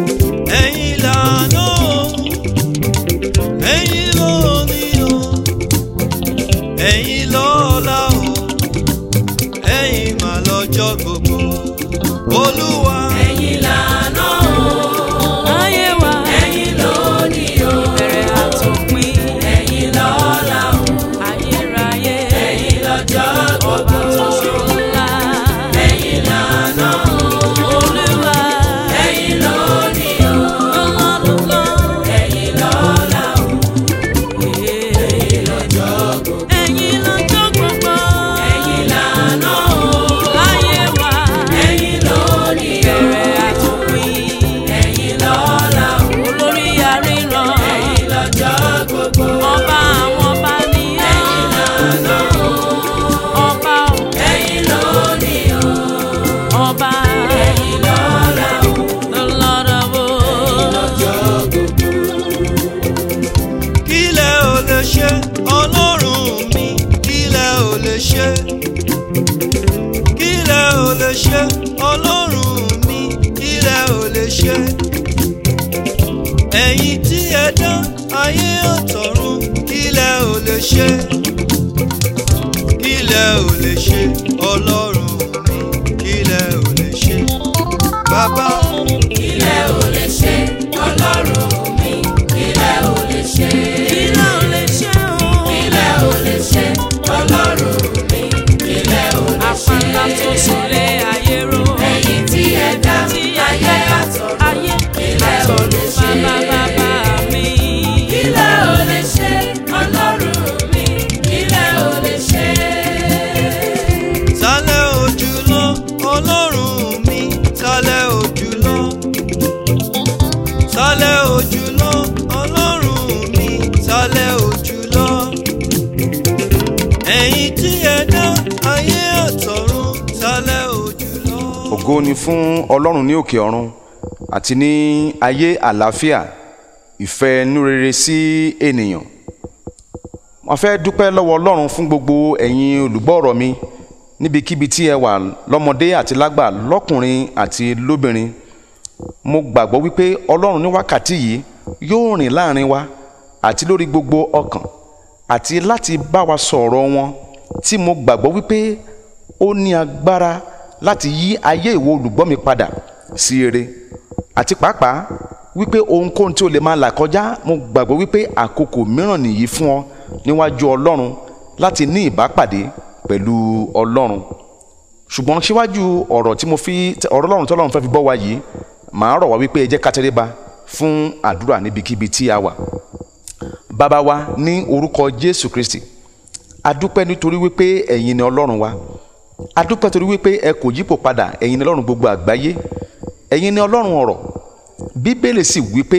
Thank you. lè ṣe. ẹ̀yin tí ẹ dán ayé ọ̀tọ̀run ilẹ̀ ò lè ṣe. ilẹ̀ ò lè ṣe ọlọ́run mi ilẹ̀ ò lè ṣe. bàbá ilẹ̀ ò lè ṣe ọlọ́run mi ilẹ̀ ò lè ṣe. ilẹ̀ ò lè ṣe ọlọ́run mi ilẹ̀ ò lè ṣe. àpáta tó sọ lé. ọlẹ́ ojú lọ. ẹ̀yin tí ẹ dá ayé àtọ̀run tọ́lẹ̀ ojú lọ. ògo ni fún ọlọ́run ní òkè ọ̀run àti ní ayé àlàáfíà ìfẹ́ inú rere sí ènìyàn mo fẹ́ dúpẹ́ lọ́wọ́ ọlọ́run fún gbogbo ẹ̀yin olùgbọ́ ọ̀rọ̀ mi níbikíbi tí ẹ wà lọ́mọdé àti lágbà lọ́kùnrin àti lóbìnrin mo gbàgbọ́ wípé ọlọ́run ní wákàtí yìí yóò rìn láàrin wa àti lórí gbogbo ọkàn àti láti bá wa sọ̀rọ̀ wọn tí mo gbàgbọ́ wípé ó ní agbára láti yí ayé ìwọ olùgbọ́ mi padà sí ire àti pàápàá wípé ohunkóhun tí o lè máa là kọjá mo gbàgbọ́ wípé àkókò mìíràn nìyí fún ọ níwájú ọlọ́run láti ní ìbápàdé pẹ̀lú ọlọ́run ṣùgbọ́n síwájú ọ̀rọ̀ tí mo fi ọ̀rọ̀ ọlọ́run tọ́lọ́run fẹ́ fi bọ́ wa yìí màá rọ̀ wá wípé ẹ jẹ́ ká tẹríba fún àdúrà níbikíbi tí a wà bàbá wa ní orúkọ jésù kristi adúpẹ́ nítorí wípé ẹ̀yin ni ọlọ́run wa adúpẹ́ torí wípé ẹ kò yípo padà ẹ̀yin ni ọlọ́run gbogbo àgbáyé ẹ̀yin ni ọlọ́run ọ̀rọ̀ bíbélì sì wípé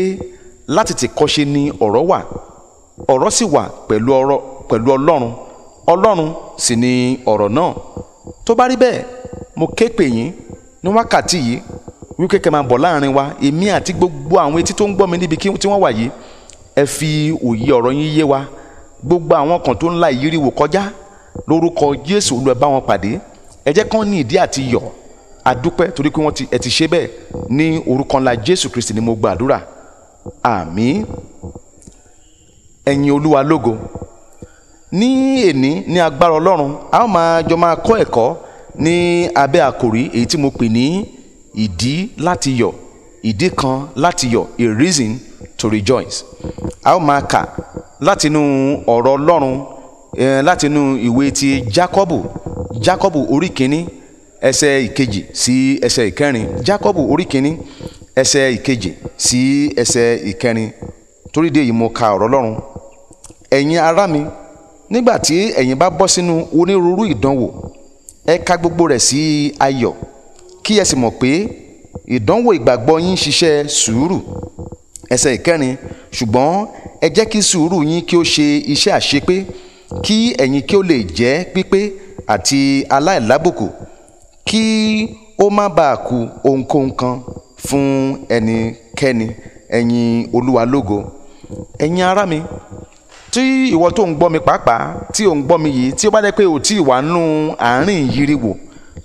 láti ti kọ́ṣe ni ọ̀rọ̀ wà ọ̀rọ̀ sì wà pẹ̀lú ọ̀rọ̀ pẹ̀lú ọlọ́run ọlọ́run sì ni ọ̀rọ̀ náà tó bá rí bẹ́ẹ̀ mo ké pè yín ní wákàtí yìí wípé kẹ́ máa bọ̀ láàrin wa èmi àti gbogbo àwọn etí tó ń gbọ́ mi níbi tí wọ́n wà yìí ẹ fi òye ọ̀rọ̀ yín yé wa gbogbo àwọn kan tó ń la ìyírí wò kọjá lórúkọ Jésù lọ bá wọn pàdé ẹ jẹ́ kán ní ìdí àti yọ̀ àdúpẹ́ torí pé wọ́n ti ẹ ti ṣe bẹ́ẹ̀ ní orúkọ ńlá Jésù Kristi ni mo gbàdúrà àmín ẹ̀yin Olúwa lógo ní èní ní agbára Ọlọ́run a ó máa jọ máa kọ́ ẹ̀kọ́ ní abẹ́ àkòrí èyí tí mo pè ní ìdí láti yọ̀ ìdí kan láti yọ̀ a reason to rejoice a ó máa kà látinú ọ̀rọ̀ ọlọ́run látinú ìwé ti Jákọ́bù Jákọ́bù orí kìíní ẹsẹ̀ ìkejì sí ẹsẹ̀ ìkẹrin Jákọ́bù orí kìíní ẹsẹ̀ ìkejì sí ẹsẹ̀ ìkẹrin torí de yìí mo ka ọ̀rọ̀ ọlọ́run ẹ̀yin ará mi nígbà tí ẹ̀yin bá bọ́ sínú onírúurú ìdánwò ẹ ka gbogbo rẹ̀ sí ayọ̀ kí ẹ sì mọ̀ pé ìdánwò ìgbàgbọ́ yín ṣiṣẹ́ sùúrù ẹsẹ̀ ìkẹrin ṣùgbọ́n ẹ jẹ́ kí sùúrù yín kí ó ṣe iṣẹ́ àṣepé kí ẹ̀yin kí ó lè jẹ́ pípé àti aláìlábùkù kí ó má bàa kù ohunkóhun kan fún ẹnikẹ́ni ẹ̀yin olúwa lógo ẹ̀yin ará mi tí ìwọ tó ń gbọ́ mi pàápàá tí ò ń gbọ́ mi yìí tí ó bá dẹ́ pé ò tí ì wà nù àárín yiriwo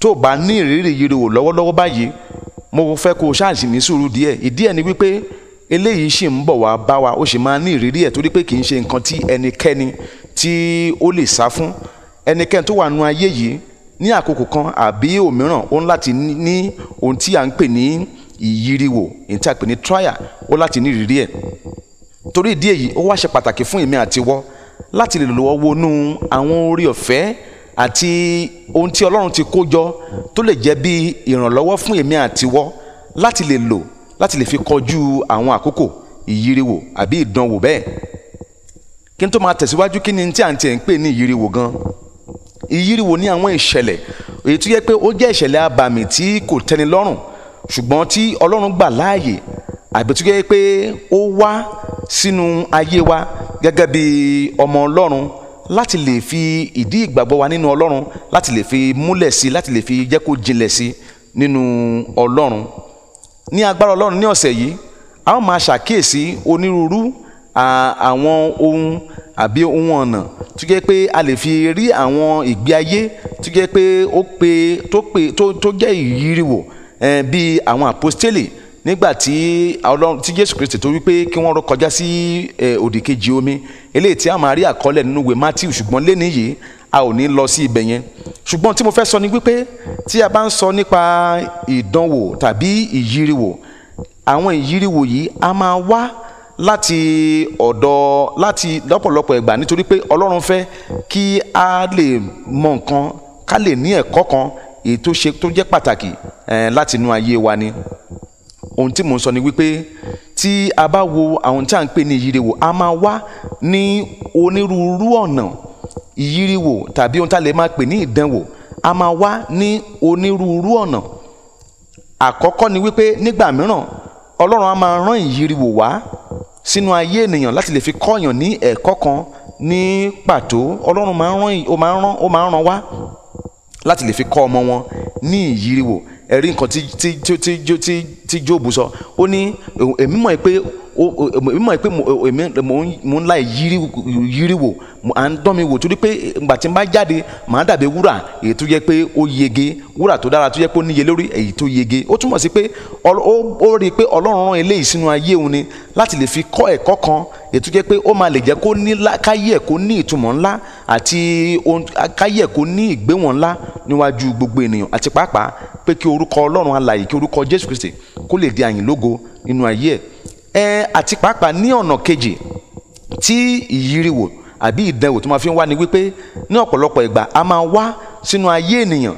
tó bá ní ìrírí yiriwo lọ́wọ́lọ́wọ́ báyìí mo fẹ́ kó ṣáàṣì ní sùúrù díẹ̀ ìdí ẹ̀ ni wípé eléyìí sì ń bọ̀ wá bá wa ó sì máa ní ìrírí ẹ̀ torí pé kì í ṣe nǹkan tí ẹnikẹ́ni tí ó lè sá fún ẹnikẹ́ni tó wà nù ayé yìí ní àkókò kan àbí òmíràn ó ń láti ní ohun tí à ń pè ní ìyíriwò èyí tí a pè ní trial ó láti ní ìrírí ẹ̀ torí ìdí èyí ó wá ṣe pàtàkì fún èmi àti wọ́ láti lè lọ́wọ́ wọnú àwọn orí ọ̀fẹ́ àti ohun tí Ọlọ́run ti kó jọ tó lè jẹ́ bí ìrànlọ́wọ́ fún èmi àti wọ́ láti lè lò láti lè fi kọjú àwọn àkókò ìyíriwò àbí ìdánwò bẹ́ẹ̀ kí n tó máa tẹ̀síwájú kí ni tí à ń tiẹ̀ ń pè ní ìyíriwò gan ìyíriwò ní àwọn ìṣẹ̀lẹ̀ èyí tó yẹ pé ó jẹ́ ìṣẹ̀lẹ̀ abàmì tí kò tẹ́ni lọ́rùn ṣùgbọ́n tí Ọlọ́run gbà láàyè àbí tó yẹ pé ó wá sínú ayé wa gẹ́gẹ́ bí ọmọ Ọlọ́run láti lè fi ìdí ìgbàgbọ́ wa nínú Ọlọ́run láti lè fi múlẹ̀ sí láti lè fi jẹ́ kó jinlẹ̀ sí nínú Ọlọ́run ní agbára ọlọ́run ní ọ̀sẹ̀ yìí a ó máa ṣàkíyèsí onírúurú àwọn ohun àbí ohun ọ̀nà tó jẹ́ pé a lè fi rí àwọn ìgbé ayé tó jẹ́ pé ó pe tó pe tó jẹ́ ìyíriwò bíi àwọn àpọ́stélì nígbà tí ọlọ́run tí jésù kristi tó wípé kí wọ́n kọjá sí òdì kejì omi eléyìí tí a máa rí àkọọ́lẹ̀ nínú ìwé matthew ṣùgbọ́n léni yìí a ò ní lọ sí ibẹ̀ yẹn ṣùgbọ́n tí mo fẹ́ sọ ni wípé tí a bá ń sọ nípa ìdánwò tàbí ìyíriwò àwọn ìyíriwò yìí a máa wá láti ọ̀dọ̀ láti lọ́pọ̀lọpọ̀ ìgbà nítorí pé Ọlọ́run fẹ́ kí a lè mọ nǹkan ká lè ní ẹ̀kọ́ kan èyí tó ṣe tó jẹ́ pàtàkì láti inú ayé wa ni ohun tí mò ń sọ ni wípé tí a bá wo àwọn tí a ń pè ní ìyíriwò a máa wá ní onírúurú ọ̀nà ìyíríwò tàbí ohun tá a lè máa pè ní ìdánwò a máa wá ní onírúurú ọ̀nà àkọ́kọ́ ni wípé nígbà mìíràn ọlọ́run a máa rán ìyíríwò wá sínú ayé ènìyàn láti lè fi kọ́yàn ní ẹ̀kọ́ kan ní pàtó ọlọ́run máa rán ó máa rán ó máa rán wá láti lè fi kọ́ ọmọ wọn ní ìyíríwò ẹ̀rí nǹkan tí tí tí tí tí Jóòbù sọ ó ní èmi mọ̀ pé o o o mọ̀ pé èmi mò ń la yiri wò à ń dán mi wò torí pé eh, ìgbà tí n bá jáde màá dàbí wúrà èyí tó yẹ pé ó yege wúrà tó dára tó yẹ pé ó níye lórí èyí tó yege ó túmọ̀ sí pé ó rí i pé ọlọ́run rán eléyìí sínú ayé òun ni láti lè fi kọ́ ẹ̀kọ́ kan èyí tó yẹ pé ó máa lè jẹ́ kó ní káyé ẹ̀ kó ní ìtumọ̀ ńlá àti káyé ẹ̀ kó ní ìgbéwọ̀n ńlá níwájú gbogbo ènìyàn àti pàápàá pé kí orúkọ ọlọ́run alààyè kí orúkọ jésù kristi kó lè di àyìnlógo nínú ayé ẹ̀ ẹ àti pàápàá ní ọ̀nà kejì tí ìyíriwò àbí ìdánwò tó máa fi ń wá ni wípé ní ọ̀pọ̀lọpọ̀ ìgbà a máa wá sínú ayé ènìyàn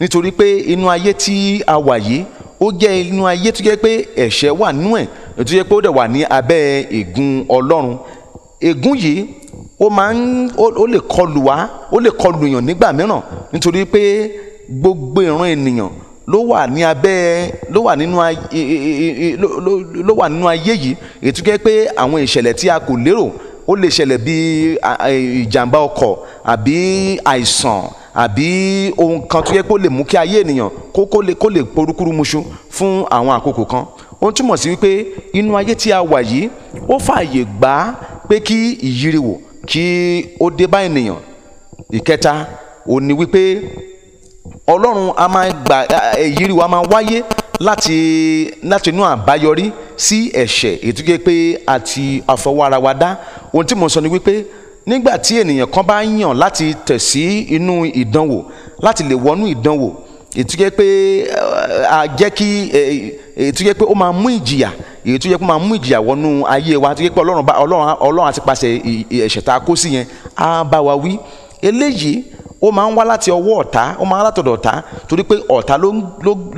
nítorí pé inú ayé tí a wà yìí ó jẹ́ inú ayé tó jẹ́ pé ẹ̀ṣẹ̀ wà nú ẹ̀ tó jẹ́ pé ó dẹ̀ wà ní abẹ́ ègún ọlọ́run ègún yìí ó máa ń ó lè kọlù wá ó lè kọlù yàn nígbà mìíràn nítorí pé gbogbo ìran ènìyàn ló wà ní abẹ́ ló wà nínú e, e, e, ló wà nínú ayé yìí ètò jẹ́ pé àwọn ìṣẹ̀lẹ̀ tí a kò lérò ó lè ṣẹlẹ̀ bí ìjàmbá ọkọ̀ àbí àìsàn àbí ohun kan tó yẹ kó lè mú kí ayé ènìyàn kó kó lè kó lè porúkúrú muṣu fún àwọn àkókò kan ó túmọ̀ sí wípé inú ayé tí a wà yìí ó fààyè gbà pé kí ìyíriwò kí ó dé bá ènìyàn ìkẹta ó wípé ọlọ́run a máa gbà èyírí wa máa wáyé láti láti inú àbáyọrí sí ẹ̀ṣẹ̀ ètùjẹ́ pé àti àfọwọ́ra wa dá ohun tí mo sọ ni wípé nígbà tí ènìyàn kan bá yàn láti tẹ̀ sí inú ìdánwò láti lè wọnú ìdánwò ètùjẹ́ pé a jẹ́ kí ètùjẹ́ pé ó máa mú ìjìyà ètùjẹ́ pé ó máa mú ìjìyà wọnú ayé wa ètùjẹ́ pé ọlọ́run ọlọ́run àti pàṣẹ ẹ̀ṣẹ̀ tá a kó sí yẹn á bá wa wí eléyìí ó máa ń wá láti ọwọ́ ọ̀tá ó máa ń wá látọ̀dọ̀ ọ̀tá torí pé ọ̀tá ló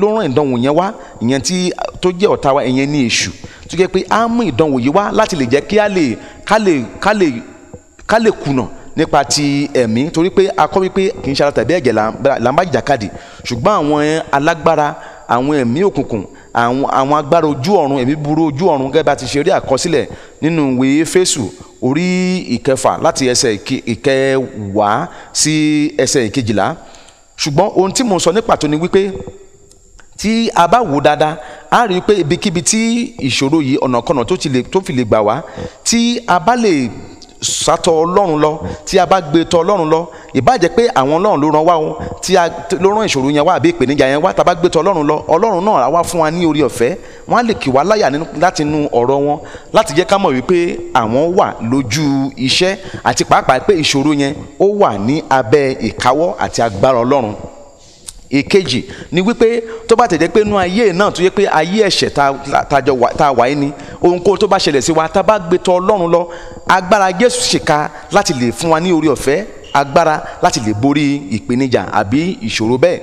ló rán ìdánwò yẹn wá ìyẹn tí tó jẹ́ ọ̀tá wa ìyẹn ní èṣù tó jẹ́ pé á mú ìdánwò yìí wá láti lè jẹ́ kí á lè ká lè ká lè ká lè kùnà nípa ti ẹ̀mí torí pé a kọ́ wípé kì í ṣe ara tàbí ẹ̀jẹ̀ là ń bá jìjàkadì ṣùgbọ́n àwọn alágbára àwọn ẹ̀mí òkùnkùn àwọn àwọn agbára ojú ọ̀run ẹ̀mí burú ojú ọ̀run gẹ́gẹ́ bá ti ṣe rí àkọsílẹ̀ nínú ìwé Éfésù orí ìkẹfà láti ẹsẹ̀ ìkẹwàá sí ẹsẹ̀ ìkejìlá ṣùgbọ́n ohun tí mo sọ ní pàtó ni wípé tí a bá wò dáadáa a rí i pé ibikíbi tí ìṣòro yìí ọ̀nàkọ̀nà tó fi lè gbà wá tí a bá lè sátọ ọlọ́run lọ tí a bá gbé tọ ọlọ́run lọ ìbàjẹ́ pé àwọn ọlọ́run ló ràn wá o tí a ló ràn ìṣòro yẹn wá àbí ìpèníjà yẹn wá tá a bá gbé tọ ọlọ́run lọ ọlọ́run náà á wá fún wa ní orí ọ̀fẹ́ wọ́n á lè kì wá láyà láti inú ọ̀rọ̀ wọn láti jẹ́ ká mọ̀ wípé àwọn wà lójú iṣẹ́ àti pàápàá pé ìṣòro yẹn ó wà ní abẹ́ ìkáwọ́ àti agbára ọlọ́run èkejì ni wípé tó bá tẹ̀jẹ́ pé inú ayé náà tó yẹ pé ayé ẹ̀ṣẹ̀ tá a wà yín ni ohunkóhun tó bá ṣẹlẹ̀ sí wa tá a bá gbé tọ̀ Ọlọ́run lọ agbára Jésù ṣìka láti lè fún wa ní orí ọ̀fẹ́ agbára láti lè borí ìpèníjà àbí ìṣòro bẹ́ẹ̀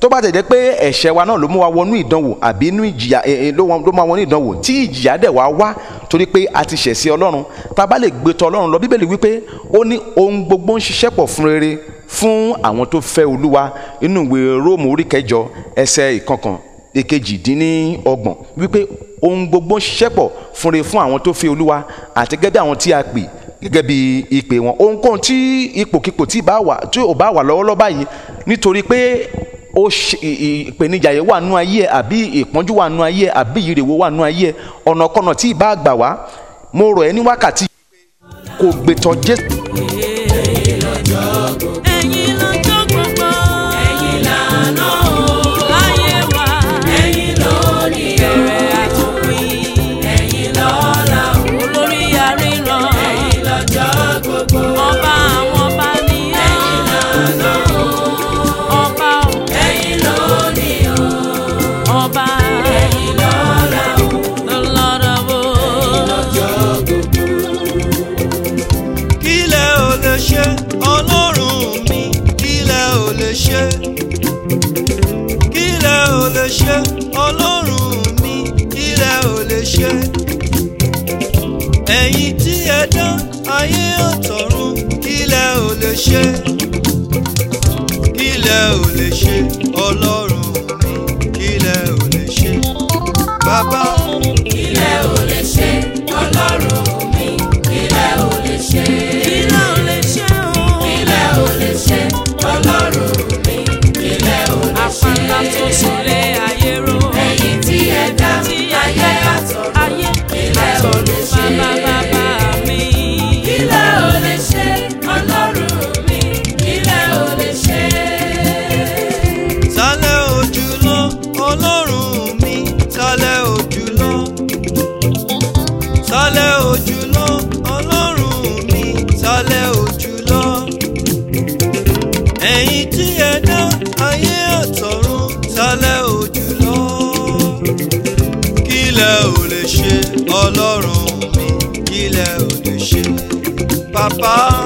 tó bá tẹ̀jẹ́ pé ẹ̀ṣẹ̀ wa náà ló mú wa wọnú ìdánwò àbí inú ìjìyà ló mú wa wọnú ìdánwò tí ìjìyà dẹ̀ wá wá torí pé a ti ṣẹ̀ sí Ọlọ́run tá bá lè gbé tọ̀ Ọlọ́run lọ Bíbélì wípé ó ní ohun gbogbo ń ṣiṣẹ́ pọ̀ fún rere fún àwọn tó fẹ́ olúwa inú ìwé róòmù orí kẹjọ ẹsẹ̀ ìkọkàn èkejìdínlọ́gbọ̀n wípé ohun gbogbo ń ṣiṣẹ́pọ̀ fúnre fún àwọn tó fẹ́ olúwa àti gẹ́gẹ́ bí àwọn tí a pè gẹ́gẹ́ bí ìpè wọn ohunkóhun tí ipòkípò tí ò bá wà lọ́wọ́lọ́wọ́ báyìí nítorí pé ó ìpèníjà yẹn wà nú ayé ẹ àbí ìpọ́njú wà nú ayé ẹ àbí ìrèwò wà nú ayé ẹ ọ̀nàkọ́nà tí ì bá gbà wá mo rọ̀ ẹ́ ní wákàtí kò gbẹ̀tọ̀ jésù. 难以。ṣe ọlọ́run mi ilẹ̀ ò lè ṣe. ẹ̀yin tí ẹ dán ayé ọ̀tọ̀run ilẹ̀ ò lè ṣe. ilẹ̀ ò lè ṣe ọlọ́run mi ilẹ̀ ò lè ṣe. bàbá. ọlọ́run mi sálẹ̀ òjùlọ sálẹ̀ òjùlọ ọlọ́run mi sálẹ̀ òjùlọ ẹ̀yin tí ẹ dá ayé àtọ̀run sálẹ̀ òjùlọ kílẹ̀ ò lè ṣe ọlọ́run mi kílẹ̀ ò lè ṣe bàbá.